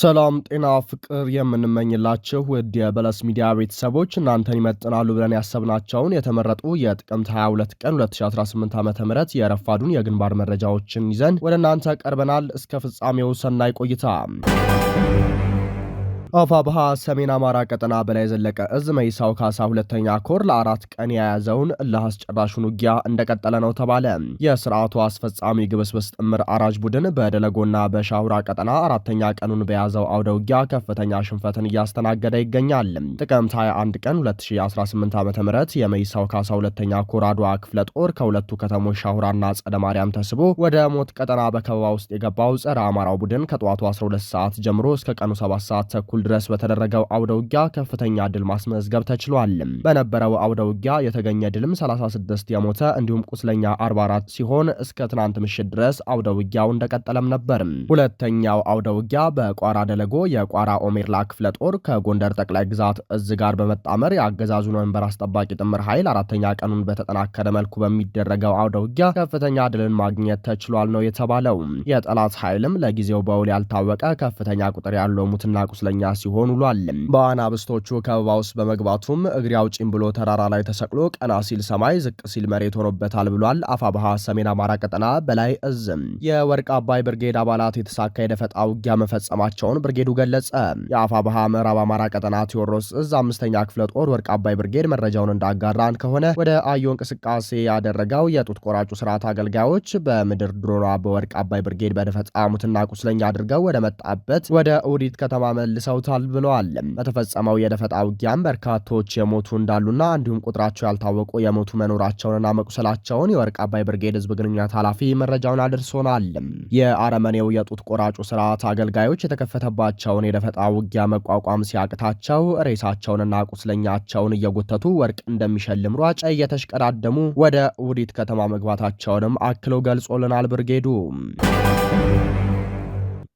ሰላም ጤና ፍቅር የምንመኝላችሁ ውድ የበለስ ሚዲያ ቤተሰቦች እናንተን ይመጥናሉ ብለን ያሰብናቸውን የተመረጡ የጥቅምት 22 ቀን 2018 ዓ ም የረፋዱን የግንባር መረጃዎችን ይዘን ወደ እናንተ ቀርበናል። እስከ ፍጻሜው ሰናይ ቆይታ አፋብሃ ሰሜን አማራ ቀጠና በላይ ዘለቀ እዝ መይሳው ካሳ ሁለተኛ ኮር ለአራት ቀን የያዘውን እልህ አስጨራሹን ውጊያ እንደቀጠለ ነው ተባለ። የስርዓቱ አስፈጻሚ ግብስብስ ጥምር አራጅ ቡድን በደለጎና በሻውራ ቀጠና አራተኛ ቀኑን በያዘው አውደ ውጊያ ከፍተኛ ሽንፈትን እያስተናገደ ይገኛል። ጥቅምት 21 ቀን 2018 ዓ ም የመይሳው ካሳ ሁለተኛ ኮር አድዋ ክፍለ ጦር ከሁለቱ ከተሞች ሻውራና ጸደ ማርያም ተስቦ ወደ ሞት ቀጠና በከበባ ውስጥ የገባው ጸረ አማራው ቡድን ከጠዋቱ 12 ሰዓት ጀምሮ እስከ ቀኑ 7 ሰዓት ተኩል ድረስ በተደረገው አውደ ውጊያ ከፍተኛ ድል ማስመዝገብ ተችሏል። በነበረው አውደ ውጊያ የተገኘ ድልም 36 የሞተ እንዲሁም ቁስለኛ 44 ሲሆን እስከ ትናንት ምሽት ድረስ አውደ ውጊያው እንደቀጠለም ነበር። ሁለተኛው አውደ ውጊያ በቋራ ደለጎ የቋራ ኦሜርላ ክፍለ ጦር ከጎንደር ጠቅላይ ግዛት እዝ ጋር በመጣመር የአገዛዙን ወንበር አስጠባቂ ጥምር ኃይል አራተኛ ቀኑን በተጠናከረ መልኩ በሚደረገው አውደ ውጊያ ከፍተኛ ድልን ማግኘት ተችሏል ነው የተባለው። የጠላት ኃይልም ለጊዜው በውል ያልታወቀ ከፍተኛ ቁጥር ያለው ሙትና ቁስለኛ ጥገኛ ሲሆን ውሏል። በዋና ብስቶቹ ከበባ ውስጥ በመግባቱም እግሬ አውጪኝ ብሎ ተራራ ላይ ተሰቅሎ ቀና ሲል ሰማይ ዝቅ ሲል መሬት ሆኖበታል ብሏል። አፋብሃ ሰሜን አማራ ቀጠና በላይ እዝም የወርቅ አባይ ብርጌድ አባላት የተሳካ የደፈጣ ውጊያ መፈጸማቸውን ብርጌዱ ገለጸ። የአፋብሃ ምዕራብ አማራ ቀጠና ቴዎድሮስ እዝ አምስተኛ ክፍለ ጦር ወርቅ አባይ ብርጌድ መረጃውን እንዳጋራን ከሆነ ወደ አዮ እንቅስቃሴ ያደረገው የጡት ቆራጩ ስርዓት አገልጋዮች በምድር ድሮኗ በወርቅ አባይ ብርጌድ በደፈጣ ሙትና ቁስለኛ አድርገው ወደ መጣበት ወደ ኦዲት ከተማ መልሰው አድርሰውታል ብለዋል። በተፈጸመው የደፈጣ ውጊያም በርካቶች የሞቱ እንዳሉና እንዲሁም ቁጥራቸው ያልታወቁ የሞቱ መኖራቸውንና መቁሰላቸውን የወርቅ አባይ ብርጌድ ህዝብ ግንኙነት ኃላፊ መረጃውን አድርሶናል። የአረመኔው የጡት ቆራጩ ስርዓት አገልጋዮች የተከፈተባቸውን የደፈጣ ውጊያ መቋቋም ሲያቅታቸው ሬሳቸውንና ቁስለኛቸውን እየጎተቱ ወርቅ እንደሚሸልም ሯጭ እየተሽቀዳደሙ ወደ ውዲት ከተማ መግባታቸውንም አክለው ገልጾልናል ብርጌዱ።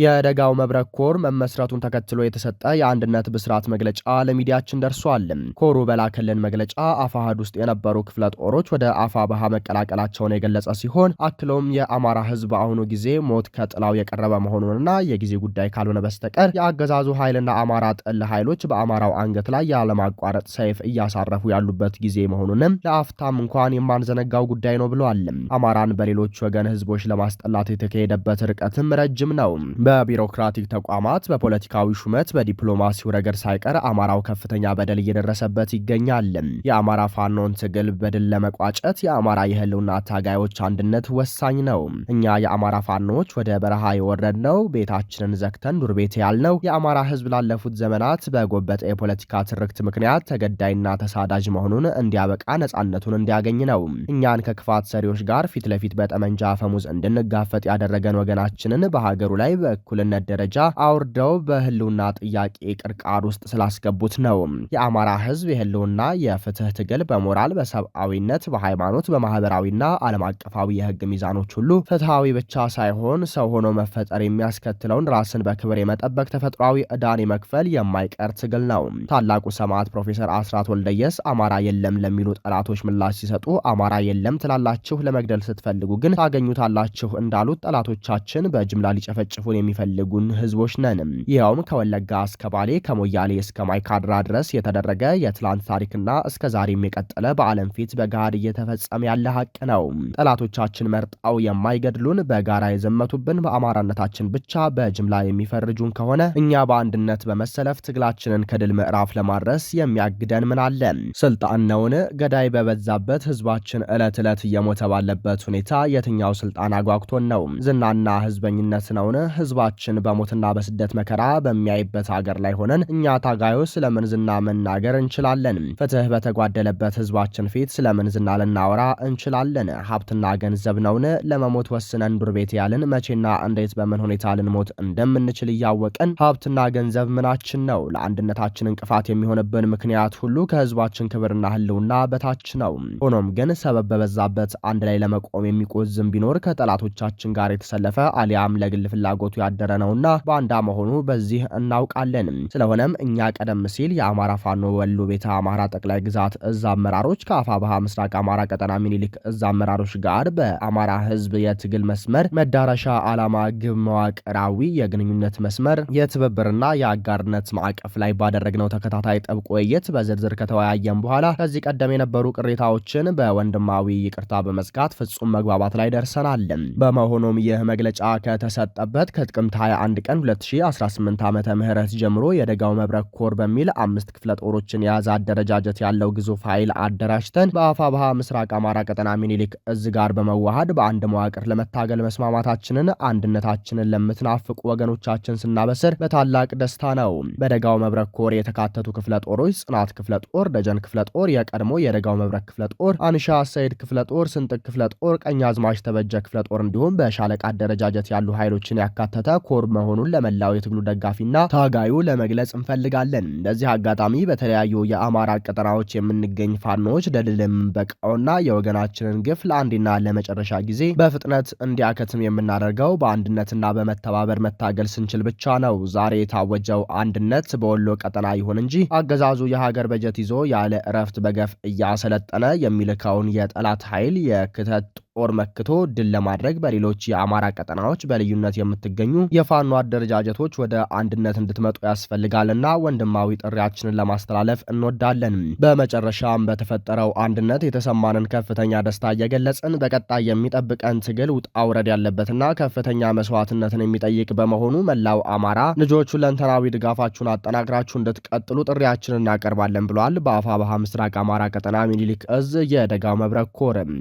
የደጋው መብረቅ ኮር መመስረቱን ተከትሎ የተሰጠ የአንድነት ብስራት መግለጫ ለሚዲያችን ደርሷል። ኮሩ በላከልን መግለጫ አፋሃድ ውስጥ የነበሩ ክፍለ ጦሮች ወደ ባሃ መቀላቀላቸውን የገለጸ ሲሆን አክሎም የአማራ ሕዝብ በአሁኑ ጊዜ ሞት ከጥላው የቀረበ መሆኑንና የጊዜ ጉዳይ ካልሆነ በስተቀር የአገዛዙ ኃይልና አማራ ጠል ኃይሎች በአማራው አንገት ላይ ያለማቋረጥ ሰይፍ እያሳረፉ ያሉበት ጊዜ መሆኑንም ለአፍታም እንኳን የማንዘነጋው ጉዳይ ነው ብለዋል። አማራን በሌሎች ወገን ሕዝቦች ለማስጠላት የተካሄደበት ርቀትም ረጅም ነው። በቢሮክራቲክ ተቋማት፣ በፖለቲካዊ ሹመት፣ በዲፕሎማሲው ረገድ ሳይቀር አማራው ከፍተኛ በደል እየደረሰበት ይገኛል። የአማራ ፋኖን ትግል በድል ለመቋጨት የአማራ የህልውና ታጋዮች አንድነት ወሳኝ ነው። እኛ የአማራ ፋኖች ወደ በረሃ የወረድ ነው ቤታችንን ዘግተን ዱር ቤት ያልነው የአማራ ህዝብ ላለፉት ዘመናት በጎበጠ የፖለቲካ ትርክት ምክንያት ተገዳይና ተሳዳጅ መሆኑን እንዲያበቃ ነጻነቱን እንዲያገኝ ነው። እኛን ከክፋት ሰሪዎች ጋር ፊት ለፊት በጠመንጃ አፈሙዝ እንድንጋፈጥ ያደረገን ወገናችንን በሀገሩ ላይ በእኩልነት ደረጃ አውርደው በህልውና ጥያቄ ቅርቃር ውስጥ ስላስገቡት ነው። የአማራ ህዝብ የህልውና የፍትህ ትግል በሞራል በሰብአዊነት፣ በሃይማኖት፣ በማህበራዊና ዓለም አቀፋዊ የህግ ሚዛኖች ሁሉ ፍትሐዊ ብቻ ሳይሆን ሰው ሆኖ መፈጠር የሚያስከትለውን ራስን በክብር የመጠበቅ ተፈጥሯዊ ዕዳን መክፈል የማይቀር ትግል ነው። ታላቁ ሰማዕት ፕሮፌሰር አስራት ወልደየስ አማራ የለም ለሚሉ ጠላቶች ምላሽ ሲሰጡ አማራ የለም ትላላችሁ፣ ለመግደል ስትፈልጉ ግን ታገኙታላችሁ እንዳሉት ጠላቶቻችን በጅምላ ሊጨፈጭፉን የሚፈልጉን ህዝቦች ነን። ይኸውም ከወለጋ እስከ ባሌ ከሞያሌ እስከ ማይካድራ ድረስ የተደረገ የትላንት ታሪክና እስከ ዛሬም የቀጠለ በዓለም ፊት በጋድ እየተፈጸመ ያለ ሀቅ ነው። ጠላቶቻችን መርጣው የማይገድሉን በጋራ የዘመቱብን በአማራነታችን ብቻ በጅምላ የሚፈርጁን ከሆነ እኛ በአንድነት በመሰለፍ ትግላችንን ከድል ምዕራፍ ለማድረስ የሚያግደን ምን አለ? ስልጣን ነውን? ገዳይ በበዛበት ህዝባችን ዕለት ዕለት እየሞተ ባለበት ሁኔታ የትኛው ስልጣን አጓግቶን ነው? ዝናና ህዝበኝነት ነውን? ህዝባችን በሞትና በስደት መከራ በሚያይበት ሀገር ላይ ሆነን እኛ ታጋዮች ስለምን ዝና መናገር እንችላለን? ፍትህ በተጓደለበት ህዝባችን ፊት ስለምን ዝና ልናወራ እንችላለን? ሀብትና ገንዘብ ነውን? ለመሞት ወስነን ዱር ቤት ያልን መቼና እንዴት በምን ሁኔታ ልንሞት እንደምንችል እያወቀን ሀብትና ገንዘብ ምናችን ነው? ለአንድነታችን እንቅፋት የሚሆንብን ምክንያት ሁሉ ከህዝባችን ክብርና ህልውና በታች ነው። ሆኖም ግን ሰበብ በበዛበት አንድ ላይ ለመቆም የሚቆዝም ቢኖር ከጠላቶቻችን ጋር የተሰለፈ አሊያም ለግል ፍላጎቱ ያደረ ነውና ባንዳ መሆኑ በዚህ እናውቃለን። ስለሆነም እኛ ቀደም ሲል የአማራ ፋኖ ወሎ ቤተ አማራ ጠቅላይ ግዛት እዝ አመራሮች ከአፋብሃ ምስራቅ አማራ ቀጠና ሚኒሊክ እዝ አመራሮች ጋር በአማራ ህዝብ የትግል መስመር መዳረሻ ዓላማ ግብ መዋቅራዊ የግንኙነት መስመር የትብብርና የአጋርነት ማዕቀፍ ላይ ባደረግነው ተከታታይ ጥብቅ ውይይት በዝርዝር ከተወያየን በኋላ ከዚህ ቀደም የነበሩ ቅሬታዎችን በወንድማዊ ይቅርታ በመዝጋት ፍጹም መግባባት ላይ ደርሰናል። በመሆኑም ይህ መግለጫ ከተሰጠበት ከጥቅምት 21 ቀን 2018 ዓ ም ጀምሮ የደጋው መብረቅ ኮር በሚል አምስት ክፍለ ጦሮችን የያዘ አደረጃጀት ያለው ግዙፍ ኃይል አደራጅተን ባሀ ምስራቅ አማራ ቀጠና ሚኒሊክ እዝ ጋር በመዋሃድ በአንድ መዋቅር ለመታገል መስማማታችንን አንድነታችንን ለምትናፍቁ ወገኖቻችን ስናበስር በታላቅ ደስታ ነው። በደጋው መብረቅ ኮር የተካተቱ ክፍለ ጦሮች ጽናት ክፍለ ጦር፣ ደጀን ክፍለ ጦር፣ የቀድሞ የደጋው መብረቅ ክፍለ ጦር፣ አንሻ ሰይድ ክፍለ ጦር፣ ስንጥቅ ክፍለ ጦር፣ ቀኛዝማች ተበጀ ክፍለ ጦር እንዲሁም በሻለቃ አደረጃጀት ያሉ ኃይሎችን ያካተቱ የተበረከተ ኮር መሆኑን ለመላው የትግሉ ደጋፊና ታጋዩ ለመግለጽ እንፈልጋለን። እንደዚህ አጋጣሚ በተለያዩ የአማራ ቀጠናዎች የምንገኝ ፋኖች ለድል የምንበቃውና የወገናችንን ግፍ ለአንዴና ለመጨረሻ ጊዜ በፍጥነት እንዲያከትም የምናደርገው በአንድነትና በመተባበር መታገል ስንችል ብቻ ነው። ዛሬ የታወጀው አንድነት በወሎ ቀጠና ይሁን እንጂ አገዛዙ የሀገር በጀት ይዞ ያለ እረፍት በገፍ እያሰለጠነ የሚልከውን የጠላት ኃይል የክተት ጦር መክቶ ድል ለማድረግ በሌሎች የአማራ ቀጠናዎች በልዩነት የምትገኙ የፋኖ አደረጃጀቶች ወደ አንድነት እንድትመጡ ያስፈልጋልና ወንድማዊ ጥሪያችንን ለማስተላለፍ እንወዳለን። በመጨረሻም በተፈጠረው አንድነት የተሰማንን ከፍተኛ ደስታ እየገለጽን በቀጣይ የሚጠብቀን ትግል ውጣ ውረድ ያለበትና ከፍተኛ መስዋዕትነትን የሚጠይቅ በመሆኑ መላው አማራ ልጆቹ ለንተናዊ ድጋፋችሁን አጠናክራችሁ እንድትቀጥሉ ጥሪያችንን እናቀርባለን ብሏል። በአፋ ባህ ምስራቅ አማራ ቀጠና ሚኒሊክ እዝ የደጋው መብረቅ ኮርም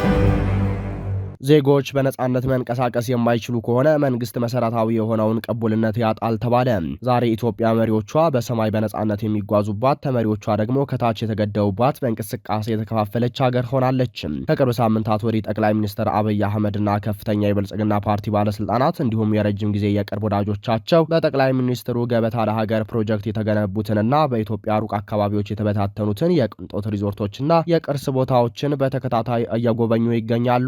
thank you ዜጎች በነጻነት መንቀሳቀስ የማይችሉ ከሆነ መንግስት መሰረታዊ የሆነውን ቅቡልነት ያጣል ተባለ። ዛሬ ኢትዮጵያ መሪዎቿ በሰማይ በነጻነት የሚጓዙባት፣ ተመሪዎቿ ደግሞ ከታች የተገደቡባት በእንቅስቃሴ የተከፋፈለች ሀገር ሆናለች። ከቅርብ ሳምንታት ወዲህ ጠቅላይ ሚኒስትር አብይ አህመድና ከፍተኛ የብልጽግና ፓርቲ ባለስልጣናት እንዲሁም የረጅም ጊዜ የቅርብ ወዳጆቻቸው በጠቅላይ ሚኒስትሩ ገበታ ለሀገር ፕሮጀክት የተገነቡትንና በኢትዮጵያ ሩቅ አካባቢዎች የተበታተኑትን የቅንጦት ሪዞርቶችና የቅርስ ቦታዎችን በተከታታይ እየጎበኙ ይገኛሉ።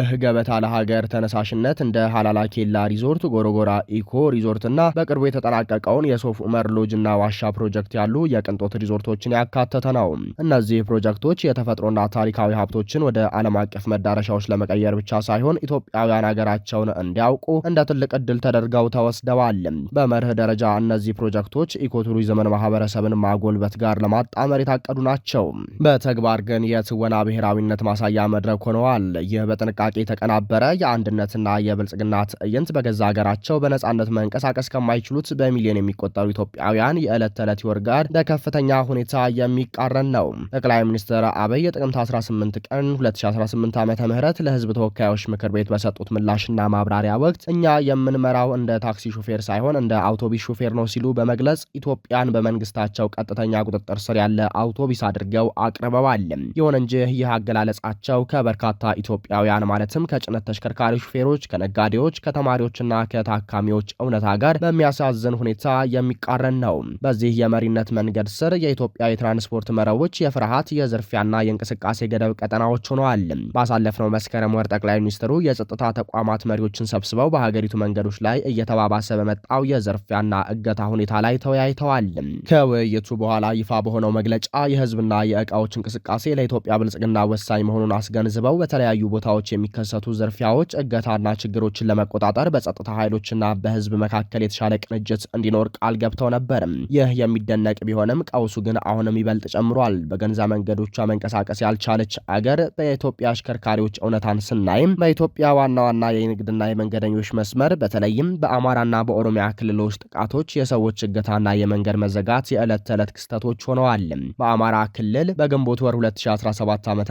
የመርህ ገበታ ለሀገር ተነሳሽነት እንደ ሀላላ ኬላ ሪዞርት፣ ጎረጎራ ኢኮ ሪዞርት እና በቅርቡ የተጠናቀቀውን የሶፍ ዑመር ሎጅና ዋሻ ፕሮጀክት ያሉ የቅንጦት ሪዞርቶችን ያካተተ ነው። እነዚህ ፕሮጀክቶች የተፈጥሮና ታሪካዊ ሀብቶችን ወደ ዓለም አቀፍ መዳረሻዎች ለመቀየር ብቻ ሳይሆን ኢትዮጵያውያን ሀገራቸውን እንዲያውቁ እንደ ትልቅ እድል ተደርገው ተወስደዋል። በመርህ ደረጃ እነዚህ ፕሮጀክቶች ኢኮቱሪዝምን ማህበረሰብን ማጎልበት ጋር ለማጣመር የታቀዱ ናቸው። በተግባር ግን የትወና ብሔራዊነት ማሳያ መድረክ ሆነዋል። ይህ በጥንቃ ጥያቄ የተቀናበረ የአንድነትና የብልጽግና ትዕይንት በገዛ ሀገራቸው በነጻነት መንቀሳቀስ ከማይችሉት በሚሊዮን የሚቆጠሩ ኢትዮጵያውያን የዕለት ተዕለት ወር ጋር በከፍተኛ ሁኔታ የሚቃረን ነው። ጠቅላይ ሚኒስትር አብይ የጥቅምት 18 ቀን 2018 ዓ ም ለህዝብ ተወካዮች ምክር ቤት በሰጡት ምላሽና ማብራሪያ ወቅት እኛ የምንመራው እንደ ታክሲ ሹፌር ሳይሆን እንደ አውቶቢስ ሹፌር ነው ሲሉ በመግለጽ ኢትዮጵያን በመንግስታቸው ቀጥተኛ ቁጥጥር ስር ያለ አውቶቢስ አድርገው አቅርበዋል። ይሁን እንጂ ይህ አገላለጻቸው ከበርካታ ኢትዮጵያውያን ማለት ማለትም ከጭነት ተሽከርካሪ ሹፌሮች፣ ከነጋዴዎች፣ ከተማሪዎችና ከታካሚዎች እውነታ ጋር በሚያሳዝን ሁኔታ የሚቃረን ነው። በዚህ የመሪነት መንገድ ስር የኢትዮጵያ የትራንስፖርት መረቦች የፍርሃት የዝርፊያና የእንቅስቃሴ ገደብ ቀጠናዎች ሆነዋል። ባሳለፍነው መስከረም ወር ጠቅላይ ሚኒስትሩ የጸጥታ ተቋማት መሪዎችን ሰብስበው በሀገሪቱ መንገዶች ላይ እየተባባሰ በመጣው የዝርፊያና እገታ ሁኔታ ላይ ተወያይተዋል። ከውይይቱ በኋላ ይፋ በሆነው መግለጫ የህዝብና የእቃዎች እንቅስቃሴ ለኢትዮጵያ ብልጽግና ወሳኝ መሆኑን አስገንዝበው በተለያዩ ቦታዎች የሚ የሚከሰቱ ዝርፊያዎች፣ እገታና ችግሮችን ለመቆጣጠር በጸጥታ ኃይሎችና በህዝብ መካከል የተሻለ ቅንጅት እንዲኖር ቃል ገብተው ነበር። ይህ የሚደነቅ ቢሆንም ቀውሱ ግን አሁንም ይበልጥ ጨምሯል። በገንዛ መንገዶቿ መንቀሳቀስ ያልቻለች አገር በኢትዮጵያ አሽከርካሪዎች እውነታን ስናይም በኢትዮጵያ ዋና ዋና የንግድና የመንገደኞች መስመር በተለይም በአማራና በኦሮሚያ ክልሎች ጥቃቶች፣ የሰዎች እገታና የመንገድ መዘጋት የዕለት ተዕለት ክስተቶች ሆነዋል። በአማራ ክልል በግንቦት ወር 2017 ዓ ም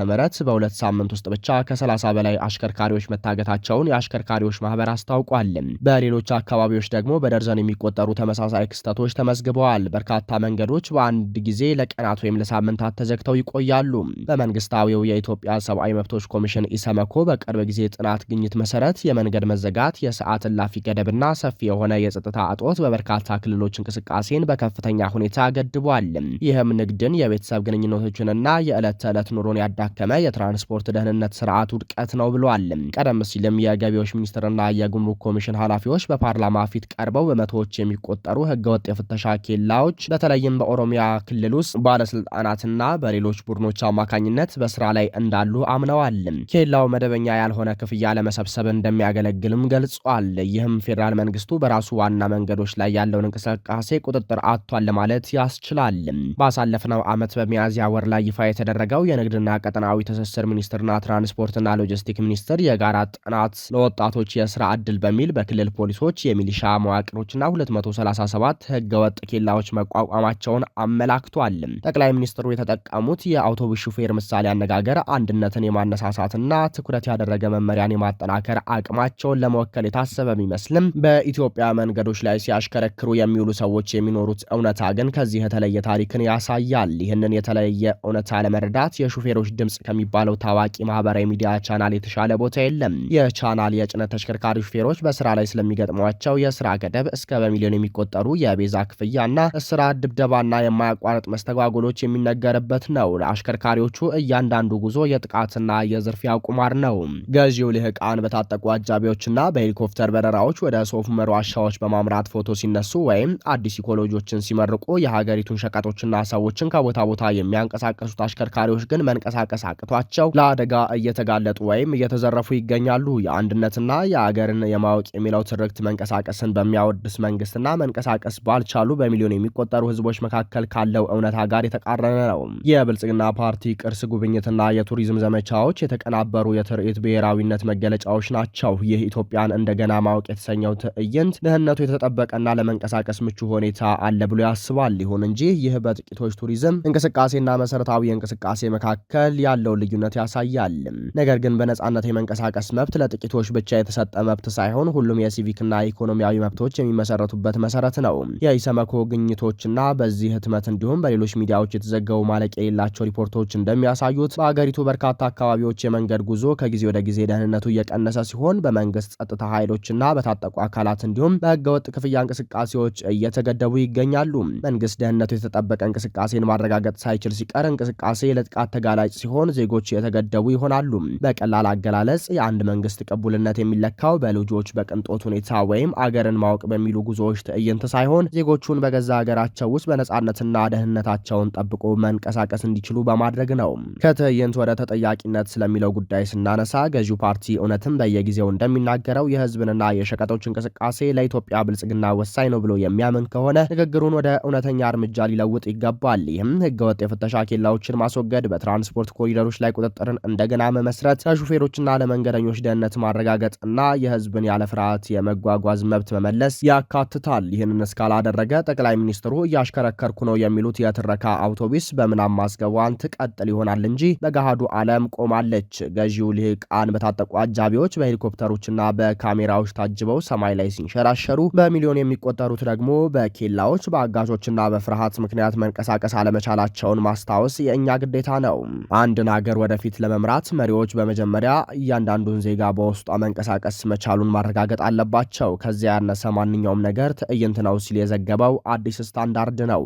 በሁለት ሳምንት ውስጥ ብቻ ከ30 በላይ አሽከርካሪዎች መታገታቸውን የአሽከርካሪዎች ማህበር አስታውቋል። በሌሎች አካባቢዎች ደግሞ በደርዘን የሚቆጠሩ ተመሳሳይ ክስተቶች ተመዝግበዋል። በርካታ መንገዶች በአንድ ጊዜ ለቀናት ወይም ለሳምንታት ተዘግተው ይቆያሉ። በመንግስታዊው የኢትዮጵያ ሰብአዊ መብቶች ኮሚሽን ኢሰመኮ በቅርብ ጊዜ ጥናት ግኝት መሰረት የመንገድ መዘጋት፣ የሰዓት እላፊ ገደብና ሰፊ የሆነ የጸጥታ እጦት በበርካታ ክልሎች እንቅስቃሴን በከፍተኛ ሁኔታ ገድቧል። ይህም ንግድን፣ የቤተሰብ ግንኙነቶችንና የዕለት ተዕለት ኑሮን ያዳከመ የትራንስፖርት ደህንነት ስርዓት ውድቀት ነው ብለዋል። ቀደም ሲልም የገቢዎች ሚኒስትርና የጉምሩክ ኮሚሽን ኃላፊዎች በፓርላማ ፊት ቀርበው በመቶዎች የሚቆጠሩ ህገወጥ የፍተሻ ኬላዎች በተለይም በኦሮሚያ ክልል ውስጥ ባለስልጣናትና በሌሎች ቡድኖች አማካኝነት በስራ ላይ እንዳሉ አምነዋል። ኬላው መደበኛ ያልሆነ ክፍያ ለመሰብሰብ እንደሚያገለግልም ገልጿል። ይህም ፌዴራል መንግስቱ በራሱ ዋና መንገዶች ላይ ያለውን እንቅስቃሴ ቁጥጥር አጥቷል ለማለት ያስችላል። ባሳለፍነው ዓመት በሚያዝያ ወር ላይ ይፋ የተደረገው የንግድና ቀጠናዊ ትስስር ሚኒስትርና ትራንስፖርትና ሎጂስቲክ ሚኒስቴር የጋራ ጥናት ለወጣቶች የስራ እድል በሚል በክልል ፖሊሶች የሚሊሻ መዋቅሮችና 237 ህገወጥ ኬላዎች መቋቋማቸውን አመላክቷል። ጠቅላይ ሚኒስትሩ የተጠቀሙት የአውቶቡስ ሹፌር ምሳሌ አነጋገር አንድነትን የማነሳሳትና ትኩረት ያደረገ መመሪያን የማጠናከር አቅማቸውን ለመወከል የታሰበ ቢመስልም በኢትዮጵያ መንገዶች ላይ ሲያሽከረክሩ የሚውሉ ሰዎች የሚኖሩት እውነታ ግን ከዚህ የተለየ ታሪክን ያሳያል። ይህንን የተለየ እውነታ ለመረዳት የሹፌሮች ድምፅ ከሚባለው ታዋቂ ማህበራዊ ሚዲያ ቻናል የተሻለ ቦታ የለም። የቻናል የጭነት ተሽከርካሪ ሹፌሮች በስራ ላይ ስለሚገጥሟቸው የስራ ገደብ እስከ በሚሊዮን የሚቆጠሩ የቤዛ ክፍያና ስራ ድብደባና የማያቋርጥ መስተጓጎሎች የሚነገርበት ነው። ለአሽከርካሪዎቹ እያንዳንዱ ጉዞ የጥቃትና የዝርፊያ ቁማር ነው። ገዢው ልህቃን በታጠቁ አጃቢዎችና በሄሊኮፕተር በረራዎች ወደ ሶፍ መር ዋሻዎች በማምራት ፎቶ ሲነሱ ወይም አዲስ ኢኮሎጂዎችን ሲመርቁ የሀገሪቱን ሸቀጦችና ሰዎችን ከቦታ ቦታ የሚያንቀሳቀሱት አሽከርካሪዎች ግን መንቀሳቀስ አቅቷቸው ለአደጋ እየተጋለጡ ወይም እየተዘረፉ ይገኛሉ። የአንድነትና የአገርን የማወቅ የሚለው ትርክት መንቀሳቀስን በሚያወድስ መንግስትና መንቀሳቀስ ባልቻሉ በሚሊዮን የሚቆጠሩ ህዝቦች መካከል ካለው እውነታ ጋር የተቃረነ ነው። የብልጽግና ፓርቲ ቅርስ ጉብኝትና የቱሪዝም ዘመቻዎች የተቀናበሩ የትርኢት ብሔራዊነት መገለጫዎች ናቸው። ይህ ኢትዮጵያን እንደገና ማወቅ የተሰኘው ትዕይንት ደህንነቱ የተጠበቀና ለመንቀሳቀስ ምቹ ሁኔታ አለ ብሎ ያስባል። ይሁን እንጂ ይህ በጥቂቶች ቱሪዝም እንቅስቃሴና መሰረታዊ እንቅስቃሴ መካከል ያለውን ልዩነት ያሳያል። ነገር ግን በነጻ በነጻነት የመንቀሳቀስ መብት ለጥቂቶች ብቻ የተሰጠ መብት ሳይሆን ሁሉም የሲቪክና ኢኮኖሚያዊ መብቶች የሚመሰረቱበት መሰረት ነው። የኢሰመኮ ግኝቶችና በዚህ ህትመት እንዲሁም በሌሎች ሚዲያዎች የተዘገቡ ማለቂያ የሌላቸው ሪፖርቶች እንደሚያሳዩት በአገሪቱ በርካታ አካባቢዎች የመንገድ ጉዞ ከጊዜ ወደ ጊዜ ደህንነቱ እየቀነሰ ሲሆን በመንግስት ጸጥታ ኃይሎችና በታጠቁ አካላት እንዲሁም በህገወጥ ክፍያ እንቅስቃሴዎች እየተገደቡ ይገኛሉ። መንግስት ደህንነቱ የተጠበቀ እንቅስቃሴን ማረጋገጥ ሳይችል ሲቀር እንቅስቃሴ ለጥቃት ተጋላጭ ሲሆን ዜጎች የተገደቡ ይሆናሉ። በቀላል አገላለጽ የአንድ መንግስት ቅቡልነት የሚለካው በልጆች በቅንጦት ሁኔታ ወይም አገርን ማወቅ በሚሉ ጉዞዎች ትዕይንት ሳይሆን ዜጎቹን በገዛ ሀገራቸው ውስጥ በነጻነትና ደህንነታቸውን ጠብቆ መንቀሳቀስ እንዲችሉ በማድረግ ነው። ከትዕይንት ወደ ተጠያቂነት ስለሚለው ጉዳይ ስናነሳ ገዢው ፓርቲ እውነትም በየጊዜው እንደሚናገረው የህዝብንና የሸቀጦች እንቅስቃሴ ለኢትዮጵያ ብልጽግና ወሳኝ ነው ብሎ የሚያምን ከሆነ ንግግሩን ወደ እውነተኛ እርምጃ ሊለውጥ ይገባል። ይህም ህገወጥ የፍተሻ ኬላዎችን ማስወገድ፣ በትራንስፖርት ኮሪደሮች ላይ ቁጥጥርን እንደገና መመስረት፣ ከሹፌሮች ለአሽከርካሪዎችና ለመንገደኞች ደህንነት ማረጋገጥና የህዝብን ያለ ፍርሃት የመጓጓዝ መብት መመለስ ያካትታል። ይህንን እስካላደረገ ጠቅላይ ሚኒስትሩ እያሽከረከርኩ ነው የሚሉት የትረካ አውቶቡስ በምናም ማስገቧን ትቀጥል ይሆናል እንጂ በገሃዱ ዓለም ቆማለች። ገዢው ልሂቃን በታጠቁ አጃቢዎች በሄሊኮፕተሮችና በካሜራዎች ታጅበው ሰማይ ላይ ሲንሸራሸሩ፣ በሚሊዮን የሚቆጠሩት ደግሞ በኬላዎች በአጋቾችና በፍርሃት ምክንያት መንቀሳቀስ አለመቻላቸውን ማስታወስ የእኛ ግዴታ ነው። አንድን አገር ወደፊት ለመምራት መሪዎች በመጀመሪያ እያንዳንዱን ዜጋ በውስጧ መንቀሳቀስ መቻሉን ማረጋገጥ አለባቸው። ከዚያ ያነሰ ማንኛውም ነገር ትዕይንት ነው ሲል የዘገበው አዲስ ስታንዳርድ ነው።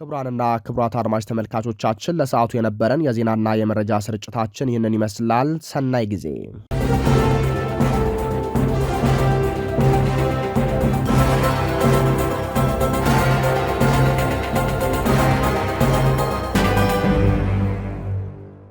ክቡራንና ክቡራት አድማጭ ተመልካቾቻችን ለሰዓቱ የነበረን የዜናና የመረጃ ስርጭታችን ይህንን ይመስላል። ሰናይ ጊዜ